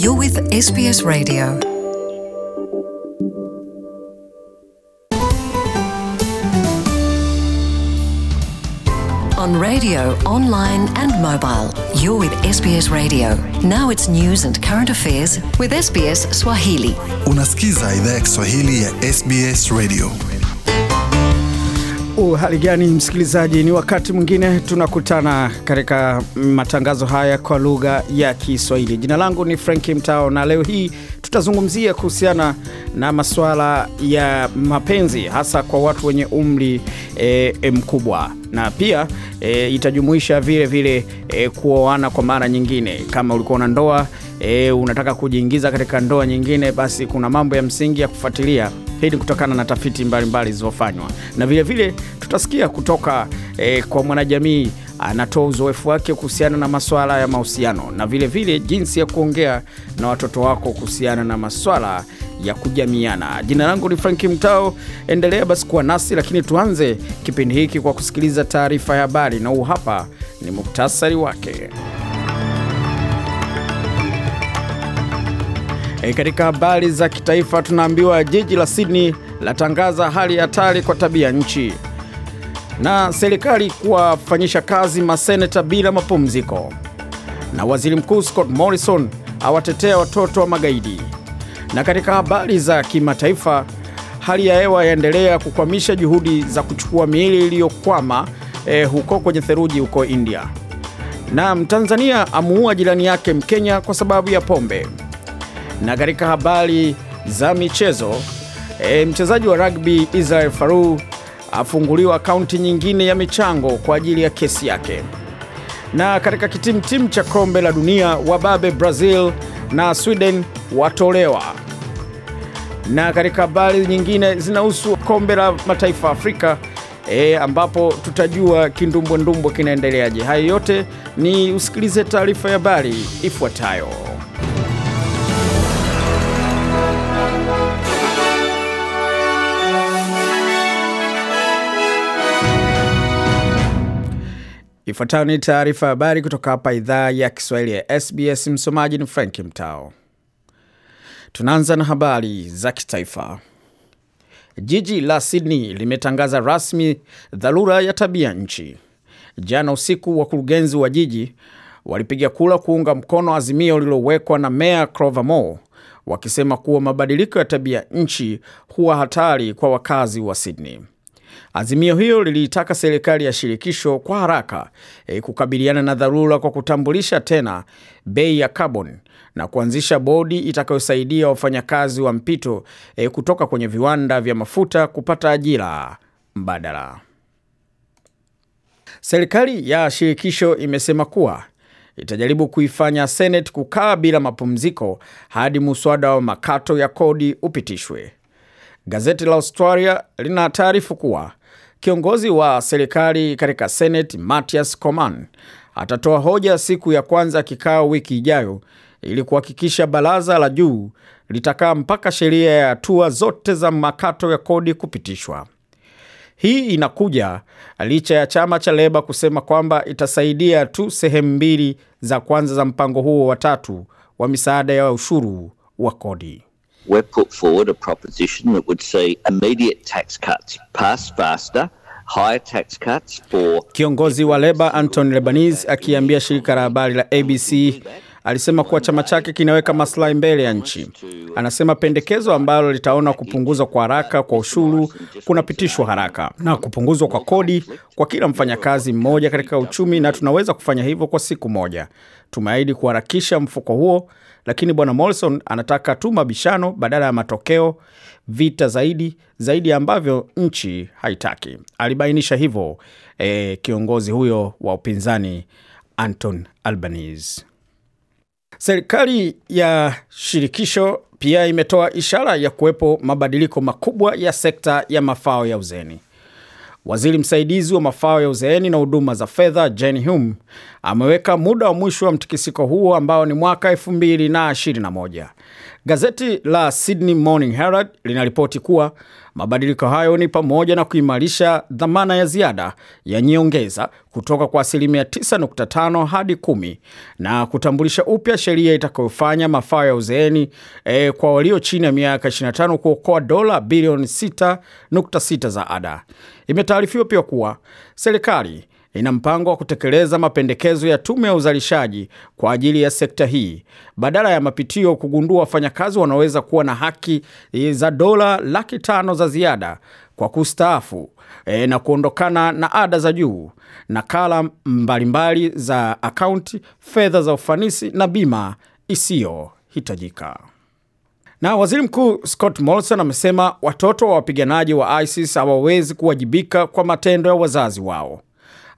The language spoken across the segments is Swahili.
You're with SBS Radio. On radio, online, and mobile, you're with SBS Radio. Now it's news and current affairs with SBS Swahili. Unasikiza idhaa ya ya SBS Radio. Uhali gani msikilizaji, ni wakati mwingine tunakutana katika matangazo haya kwa lugha ya Kiswahili. Jina langu ni Frank Mtao na leo hii tutazungumzia kuhusiana na masuala ya mapenzi hasa kwa watu wenye umri e, mkubwa na pia e, itajumuisha vile vile e, kuoana kwa mara nyingine. Kama ulikuwa na ndoa e, unataka kujiingiza katika ndoa nyingine, basi kuna mambo ya msingi ya kufuatilia hii ni kutokana na tafiti mbalimbali zilizofanywa, na vilevile vile, tutasikia kutoka eh, kwa mwanajamii anatoa uzoefu wake kuhusiana na maswala ya mahusiano na vilevile vile, jinsi ya kuongea na watoto wako kuhusiana na maswala ya kujamiana. Jina langu ni Franki Mtao, endelea basi kuwa nasi, lakini tuanze kipindi hiki kwa kusikiliza taarifa ya habari, na huu hapa ni muktasari wake. E, katika habari za kitaifa tunaambiwa jiji la Sydney latangaza hali hatari kwa tabia nchi na serikali kuwafanyisha kazi maseneta bila mapumziko, na waziri mkuu Scott Morrison awatetea watoto wa magaidi. Na katika habari za kimataifa, hali ya hewa yaendelea kukwamisha juhudi za kuchukua miili iliyokwama eh, huko kwenye theluji huko India, na Mtanzania amuua jirani yake Mkenya kwa sababu ya pombe. Na katika habari za michezo e, mchezaji wa rugby Israel Faru afunguliwa akaunti nyingine ya michango kwa ajili ya kesi yake. Na katika kitimtimu cha kombe la dunia wababe Brazil na Sweden watolewa. Na katika habari nyingine zinahusu kombe la mataifa Afrika e, ambapo tutajua kindumbwendumbwe kinaendeleaje. Hayo yote ni usikilize taarifa ya habari ifuatayo. Ifuatayo ni taarifa ya habari kutoka hapa idhaa ya Kiswahili ya SBS. Msomaji ni Frank Mtao. Tunaanza na habari za kitaifa. Jiji la Sydney limetangaza rasmi dharura ya tabia nchi. Jana usiku, wakurugenzi wa jiji walipiga kura kuunga mkono azimio lililowekwa na meya Clover Moore wakisema kuwa mabadiliko ya tabia nchi huwa hatari kwa wakazi wa Sydney. Azimio hiyo liliitaka serikali ya shirikisho kwa haraka e, kukabiliana na dharura kwa kutambulisha tena bei ya kaboni na kuanzisha bodi itakayosaidia wafanyakazi wa mpito e, kutoka kwenye viwanda vya mafuta kupata ajira mbadala. Serikali ya shirikisho imesema kuwa itajaribu kuifanya Seneti kukaa bila mapumziko hadi muswada wa makato ya kodi upitishwe. Gazeti la Australia lina taarifu kuwa kiongozi wa serikali katika Senate Mathias Coman atatoa hoja siku ya kwanza kikao wiki ijayo ili kuhakikisha baraza la juu litakaa mpaka sheria ya hatua zote za makato ya kodi kupitishwa. Hii inakuja licha ya chama cha Leba kusema kwamba itasaidia tu sehemu mbili za kwanza za mpango huo wa tatu wa misaada ya ushuru wa kodi we've put forward a proposition that would see immediate tax cuts pass faster. Kiongozi wa Leba anton Lebanese akiambia shirika la habari la ABC alisema kuwa chama chake kinaweka maslahi mbele ya nchi. Anasema pendekezo ambalo litaona kupunguzwa kwa haraka kwa ushuru kunapitishwa haraka na kupunguzwa kwa kodi kwa kila mfanyakazi mmoja katika uchumi, na tunaweza kufanya hivyo kwa siku moja. Tumeahidi kuharakisha mfuko huo lakini bwana morison anataka tu mabishano badala ya matokeo, vita zaidi zaidi ambavyo nchi haitaki. Alibainisha hivyo e, kiongozi huyo wa upinzani Anton Albanese. Serikali ya shirikisho pia imetoa ishara ya kuwepo mabadiliko makubwa ya sekta ya mafao ya uzeni. Waziri msaidizi wa mafao ya uzeeni na huduma za fedha Jane Hume ameweka muda wa mwisho wa mtikisiko huo ambao ni mwaka 2021. Gazeti la Sydney Morning Herald linaripoti kuwa mabadiliko hayo ni pamoja na kuimarisha dhamana ya ziada ya nyongeza kutoka kwa asilimia 9.5 hadi 10 na kutambulisha upya sheria itakayofanya mafao ya uzeeni e, kwa walio chini ya miaka 25 kuokoa dola bilioni 6.6 za ada. Imetaarifiwa pia kuwa serikali ina mpango wa kutekeleza mapendekezo ya tume ya uzalishaji kwa ajili ya sekta hii badala ya mapitio kugundua wafanyakazi wanaweza kuwa na haki e, za dola laki tano za ziada kwa kustaafu e, na kuondokana na ada za juu, na kala mbalimbali za akaunti, fedha za ufanisi na bima isiyohitajika. Na waziri mkuu Scott Morrison amesema watoto wa wapiganaji wa ISIS hawawezi kuwajibika kwa matendo ya wazazi wao.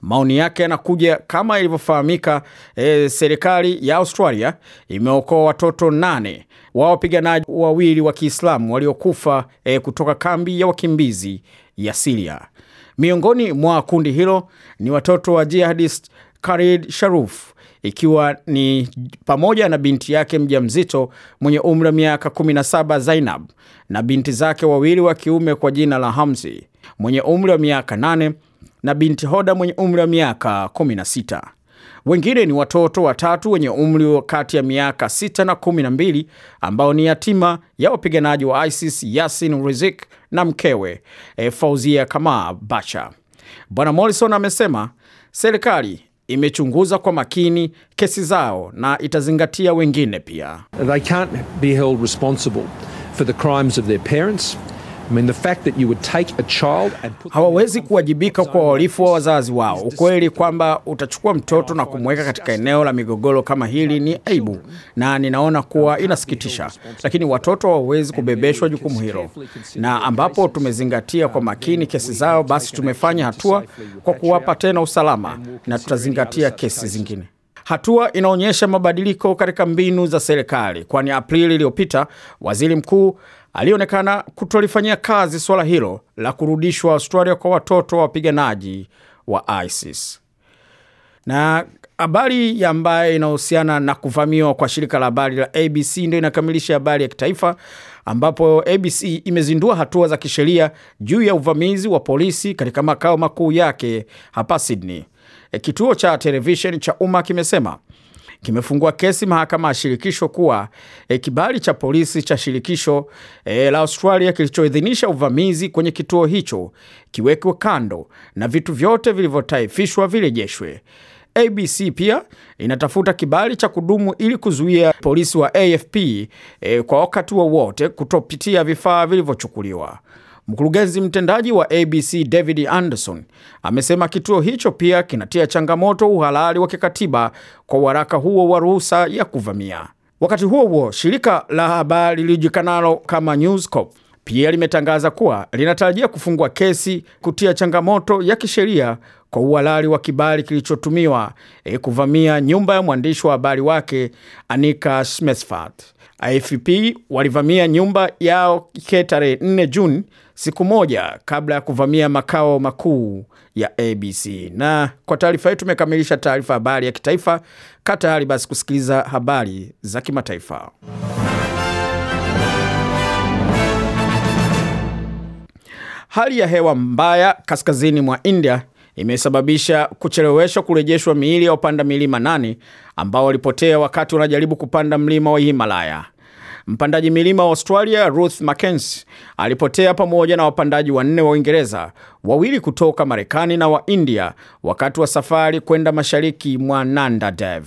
Maoni yake yanakuja kama ilivyofahamika, e, serikali ya Australia imeokoa watoto nane wa wapiganaji wawili wa Kiislamu waliokufa e, kutoka kambi ya wakimbizi ya Siria. Miongoni mwa kundi hilo ni watoto wa jihadist karid Sharuf ikiwa ni pamoja na binti yake mja mzito mwenye umri wa miaka 17 Zainab na binti zake wawili wa kiume kwa jina la Hamzi mwenye umri wa miaka 8 na binti Hoda mwenye umri wa miaka 16. Wengine ni watoto watatu wenye umri kati ya miaka 6 na 12 ambao ni yatima ya wapiganaji wa ISIS Yasin Rizik na mkewe e, Fauzia kama Bacha. Bwana Morrison amesema serikali imechunguza kwa makini kesi zao na itazingatia wengine pia. They can't be held responsible for the crimes of their parents hawawezi kuwajibika kwa uhalifu wa wazazi wao. Ukweli kwamba utachukua mtoto na kumweka katika eneo la migogoro kama hili ni aibu, na ninaona kuwa inasikitisha, lakini watoto hawawezi kubebeshwa jukumu hilo, na ambapo tumezingatia kwa uh, makini kesi zao, basi tumefanya hatua kwa kuwapa tena usalama, na tutazingatia kesi zingine. Hatua inaonyesha mabadiliko katika mbinu za serikali, kwani Aprili iliyopita waziri mkuu aliyeonekana kutolifanyia kazi suala hilo la kurudishwa Australia kwa watoto wa wapiganaji wa ISIS. Na habari ambayo inahusiana na kuvamiwa kwa shirika la habari la ABC ndio inakamilisha habari ya kitaifa, ambapo ABC imezindua hatua za kisheria juu ya uvamizi wa polisi katika makao makuu yake hapa Sydney. E, kituo cha televisheni cha umma kimesema kimefungua kesi mahakama ya shirikisho kuwa e, kibali cha polisi cha shirikisho e, la Australia kilichoidhinisha uvamizi kwenye kituo hicho kiwekwe kando na vitu vyote vilivyotaifishwa virejeshwe. ABC pia inatafuta kibali cha kudumu ili kuzuia polisi wa AFP e, eh, kwa wakati wowote kutopitia vifaa vilivyochukuliwa. Mkurugenzi mtendaji wa ABC David Anderson amesema kituo hicho pia kinatia changamoto uhalali wa kikatiba kwa waraka huo wa ruhusa ya kuvamia. Wakati huo huo, shirika la habari lilijulikanalo kama News Corp pia limetangaza kuwa linatarajia kufungua kesi kutia changamoto ya kisheria kwa uhalali wa kibali kilichotumiwa e, kuvamia nyumba ya mwandishi wa habari wake Anika Smethfat. AFP walivamia nyumba yao tarehe 4 Juni, siku moja kabla ya kuvamia makao makuu ya ABC. Na kwa taarifa hii tumekamilisha taarifa habari ya kitaifa. Kaa tayari basi kusikiliza habari za kimataifa. Hali ya hewa mbaya kaskazini mwa India imesababisha kucheleweshwa kurejeshwa miili ya wapanda milima nane ambao walipotea wakati wanajaribu kupanda mlima wa Himalaya. Mpandaji milima wa Australia Ruth Mackenzie alipotea pamoja na wapandaji wanne wa Uingereza, wawili kutoka Marekani na wa India wakati wa safari kwenda mashariki mwa Nanda Dev.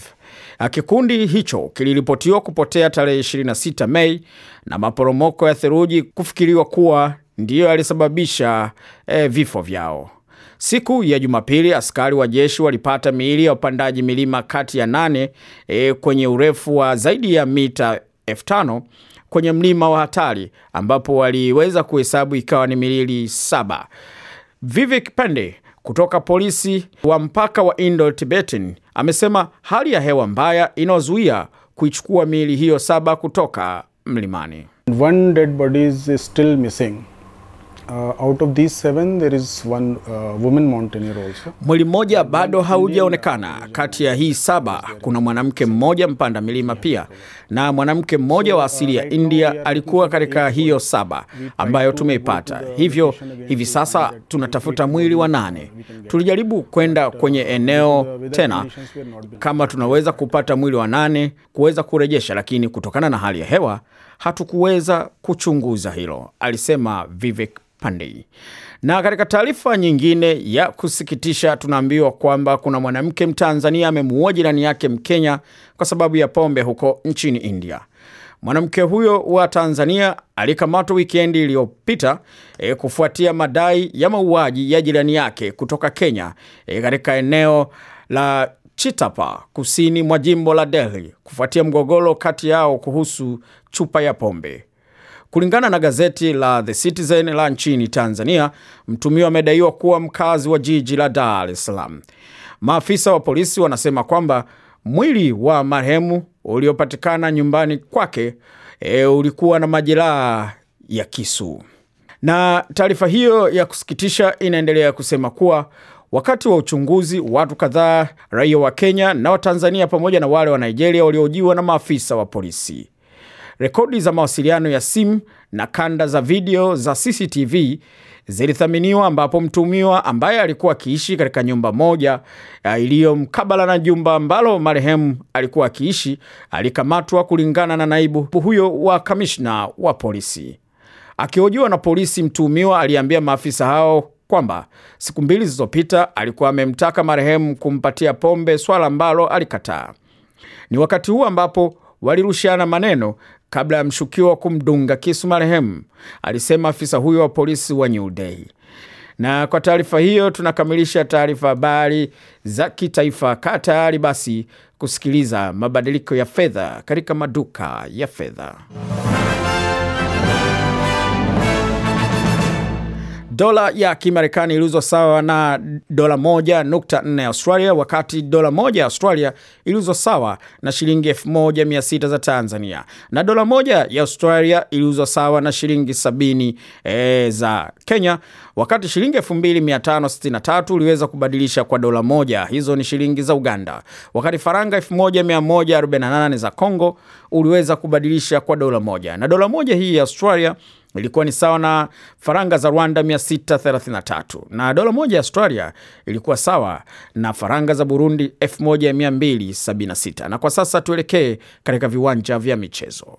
Kikundi hicho kiliripotiwa kupotea tarehe 26 Mei na maporomoko ya theluji kufikiriwa kuwa ndiyo yalisababisha eh, vifo vyao. Siku ya Jumapili, askari wa jeshi walipata miili ya upandaji milima kati ya nane e, kwenye urefu wa zaidi ya mita elfu tano kwenye mlima wa hatari ambapo waliweza kuhesabu ikawa ni miili saba. Vivek Pande kutoka polisi wa mpaka wa Indo Tibetan amesema hali ya hewa mbaya inaozuia kuichukua miili hiyo saba kutoka mlimani. One dead body is still missing. Uh, out of these seven there is one uh, woman mountaineer also. Mwili mmoja bado haujaonekana. Kati ya hii saba kuna mwanamke mmoja mpanda milima pia, na mwanamke mmoja wa asili ya India alikuwa katika hiyo saba ambayo tumeipata. Hivyo hivi sasa tunatafuta mwili wa nane. Tulijaribu kwenda kwenye eneo tena kama tunaweza kupata mwili wa nane kuweza kurejesha, lakini kutokana na hali ya hewa hatukuweza kuchunguza hilo, alisema Vivek Pandey. Na katika taarifa nyingine ya kusikitisha, tunaambiwa kwamba kuna mwanamke Mtanzania amemuua jirani yake Mkenya kwa sababu ya pombe huko nchini India. Mwanamke huyo wa Tanzania alikamatwa wikendi iliyopita e, kufuatia madai ya mauaji ya jirani yake kutoka Kenya e, katika eneo la Chitapa kusini mwa jimbo la Delhi kufuatia mgogoro kati yao kuhusu chupa ya pombe. Kulingana na gazeti la The Citizen la nchini Tanzania, mtumiwa amedaiwa kuwa mkazi wa jiji la Dar es Salaam. Maafisa wa polisi wanasema kwamba mwili wa marehemu uliopatikana nyumbani kwake e, ulikuwa na majeraha ya kisu. Na taarifa hiyo ya kusikitisha inaendelea kusema kuwa Wakati wa uchunguzi, watu kadhaa, raia wa Kenya na Watanzania pamoja na wale wa Nigeria waliohojiwa na maafisa wa polisi. Rekodi za mawasiliano ya simu na kanda za video za CCTV zilithaminiwa, ambapo mtuhumiwa ambaye alikuwa akiishi katika nyumba moja eh, iliyo mkabala na jumba ambalo marehemu alikuwa akiishi alikamatwa, kulingana na naibu huyo wa kamishna wa polisi. Akihojiwa na polisi, mtuhumiwa aliambia maafisa hao kwamba siku mbili zilizopita alikuwa amemtaka marehemu kumpatia pombe, swala ambalo alikataa. Ni wakati huu ambapo walirushiana maneno kabla ya mshukiwa kumdunga kisu marehemu, alisema afisa huyo wa polisi wa New Na kwa taarifa hiyo tunakamilisha taarifa habari za kitaifa. Ka tayari basi kusikiliza mabadiliko ya fedha katika maduka ya fedha. Dola ya Kimarekani iliuzwa sawa na dola moja nukta nne ya Australia, wakati dola moja ya Australia iliuzwa sawa na shilingi elfu moja mia sita za Tanzania, na dola moja ya Australia iliuzwa sawa na shilingi sabini e, za Kenya, wakati shilingi elfu mbili mia tano sitini na tatu uliweza kubadilisha kwa dola moja. Hizo ni shilingi za Uganda, wakati faranga elfu moja mia moja arobaini na nane za Congo uliweza kubadilisha kwa dola moja, na dola moja hii ya Australia ilikuwa ni sawa na faranga za Rwanda 633 na dola moja ya Australia ilikuwa sawa na faranga za Burundi 1276. Na kwa sasa tuelekee katika viwanja vya michezo.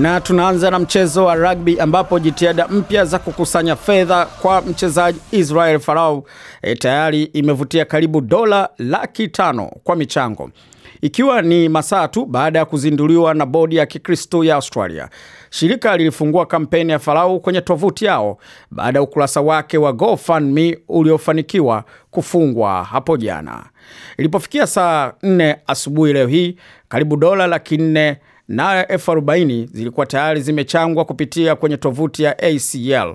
Na tunaanza na mchezo wa rugby ambapo jitihada mpya za kukusanya fedha kwa mchezaji Israel Farau e, eh, tayari imevutia karibu dola laki tano kwa michango ikiwa ni masaa tu baada ya kuzinduliwa na bodi ya Kikristo ya Australia. Shirika lilifungua kampeni ya Farau kwenye tovuti yao baada ya ukurasa wake wa GoFundMe uliofanikiwa kufungwa hapo jana. Ilipofikia saa 4 asubuhi leo hii, karibu dola laki nne na f 40 zilikuwa tayari zimechangwa kupitia kwenye tovuti ya ACL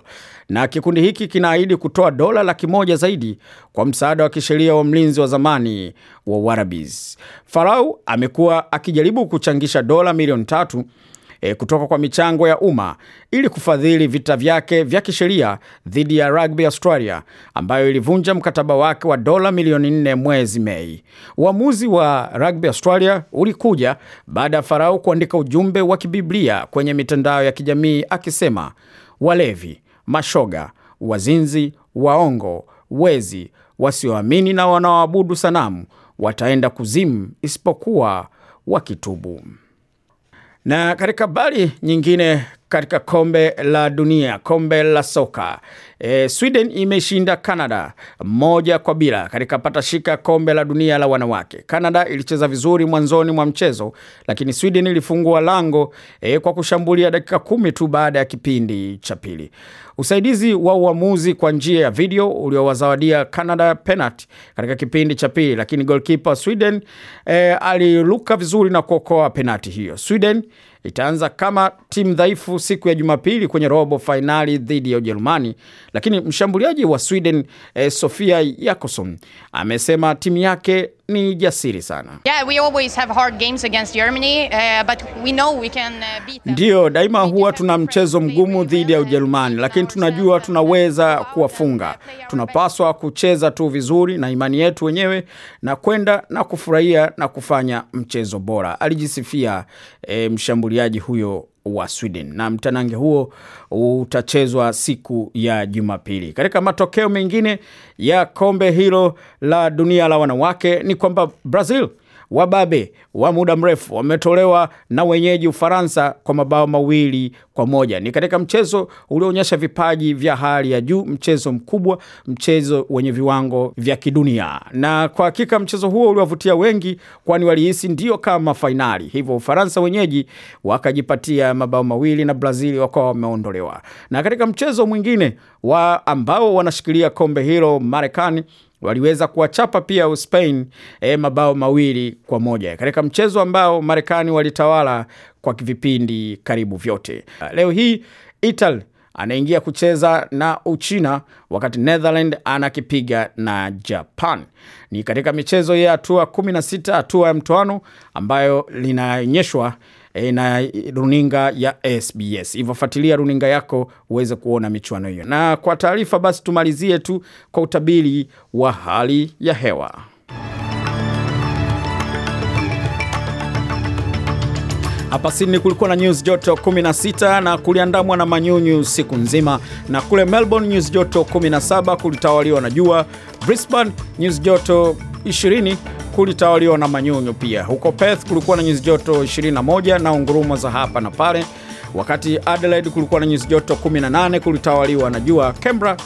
na kikundi hiki kinaahidi kutoa dola laki moja zaidi kwa msaada wa kisheria wa mlinzi wa zamani wa Warabies. Farau amekuwa akijaribu kuchangisha dola milioni tatu e, kutoka kwa michango ya umma ili kufadhili vita vyake vya kisheria dhidi ya Rugby Australia ambayo ilivunja mkataba wake wa dola milioni nne mwezi Mei. Uamuzi wa Rugby Australia ulikuja baada ya Farao kuandika ujumbe wa kibiblia kwenye mitandao ya kijamii akisema, walevi, mashoga, wazinzi, waongo, wezi, wasioamini na wanaoabudu sanamu wataenda kuzimu isipokuwa wakitubu. Na katika habari nyingine katika kombe la dunia, kombe la soka e, Sweden imeshinda Canada moja kwa bila katika patashika kombe la dunia la wanawake. Canada ilicheza vizuri mwanzoni mwa mchezo, lakini Sweden ilifungua lango e, kwa kushambulia dakika kumi tu baada ya kipindi cha pili. Usaidizi wa uamuzi kwa njia ya video uliowazawadia Canada penalti katika kipindi cha pili, lakini golkipa Sweden e, aliruka vizuri na kuokoa penalti hiyo. Sweden itaanza kama timu dhaifu siku ya Jumapili kwenye robo fainali dhidi ya Ujerumani, lakini mshambuliaji wa Sweden eh, Sofia Jakobsson amesema timu yake ni jasiri sana. Yeah, we always have hard games against Germany, uh, but we know we can uh, beat them. Ndiyo, daima huwa tuna mchezo mgumu dhidi ya Ujerumani, lakini tunajua tunaweza kuwafunga. Tunapaswa kucheza tu vizuri na imani yetu wenyewe na kwenda na kufurahia na kufanya mchezo bora, alijisifia eh, mshambuliaji huyo wa Sweden na mtanange huo utachezwa siku ya Jumapili. Katika matokeo mengine ya kombe hilo la dunia la wanawake ni kwamba Brazil wababe wa muda mrefu wametolewa na wenyeji Ufaransa kwa mabao mawili kwa moja. Ni katika mchezo ulioonyesha vipaji vya hali ya juu, mchezo mkubwa, mchezo wenye viwango vya kidunia, na kwa hakika mchezo huo uliwavutia wengi, kwani walihisi ndio kama fainali. Hivyo Ufaransa wenyeji wakajipatia mabao mawili na Brazili wakawa wameondolewa. Na katika mchezo mwingine wa ambao wanashikilia kombe hilo Marekani waliweza kuwachapa pia Uspain e, eh, mabao mawili kwa moja katika mchezo ambao Marekani walitawala kwa vipindi karibu vyote. Ah, leo hii Italy anaingia kucheza na Uchina wakati Netherland anakipiga na Japan. Ni katika michezo ya hatua 16 hatua ya mtoano ambayo linaonyeshwa e, na e, runinga ya SBS. Hivyo fuatilia runinga yako uweze kuona michuano hiyo. Na kwa taarifa basi, tumalizie tu kwa utabiri wa hali ya hewa. Hapa Sydney kulikuwa na nyuzi joto 16 na kuliandamwa na manyunyu siku nzima, na kule Melbourne nyuzi joto 17 kulitawaliwa na jua. Brisbane nyuzi joto 20 kulitawaliwa na manyunyu pia. Huko Perth kulikuwa na nyuzi joto 21 na ngurumo za hapa na pale, wakati Adelaide kulikuwa na nyuzi joto 18 kulitawaliwa na jua. Canberra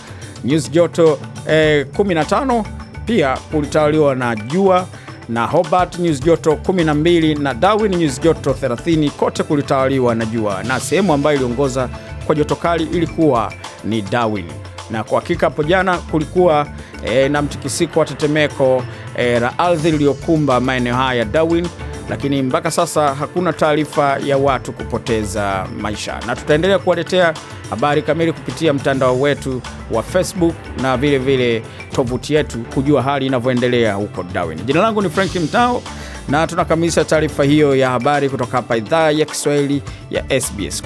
nyuzi joto eh, 15 pia kulitawaliwa na jua na Hobart nyuzi joto 12 na Darwin nyuzi joto 30, kote kulitawaliwa na jua, na sehemu ambayo iliongoza kwa joto kali ilikuwa ni Darwin. Na kwa hakika hapo jana kulikuwa e, na mtikisiko wa tetemeko e, la ardhi liliyokumba maeneo haya ya Darwin, lakini mpaka sasa hakuna taarifa ya watu kupoteza maisha, na tutaendelea kuwaletea habari kamili kupitia mtandao wetu wa Facebook na vile vile tovuti yetu kujua hali inavyoendelea huko Darwin. Jina langu ni Frank Mtao na tunakamilisha taarifa hiyo ya habari kutoka hapa idhaa ya Kiswahili ya SBS.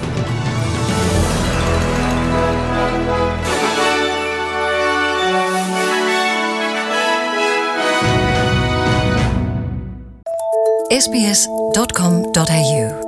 sbs.com.au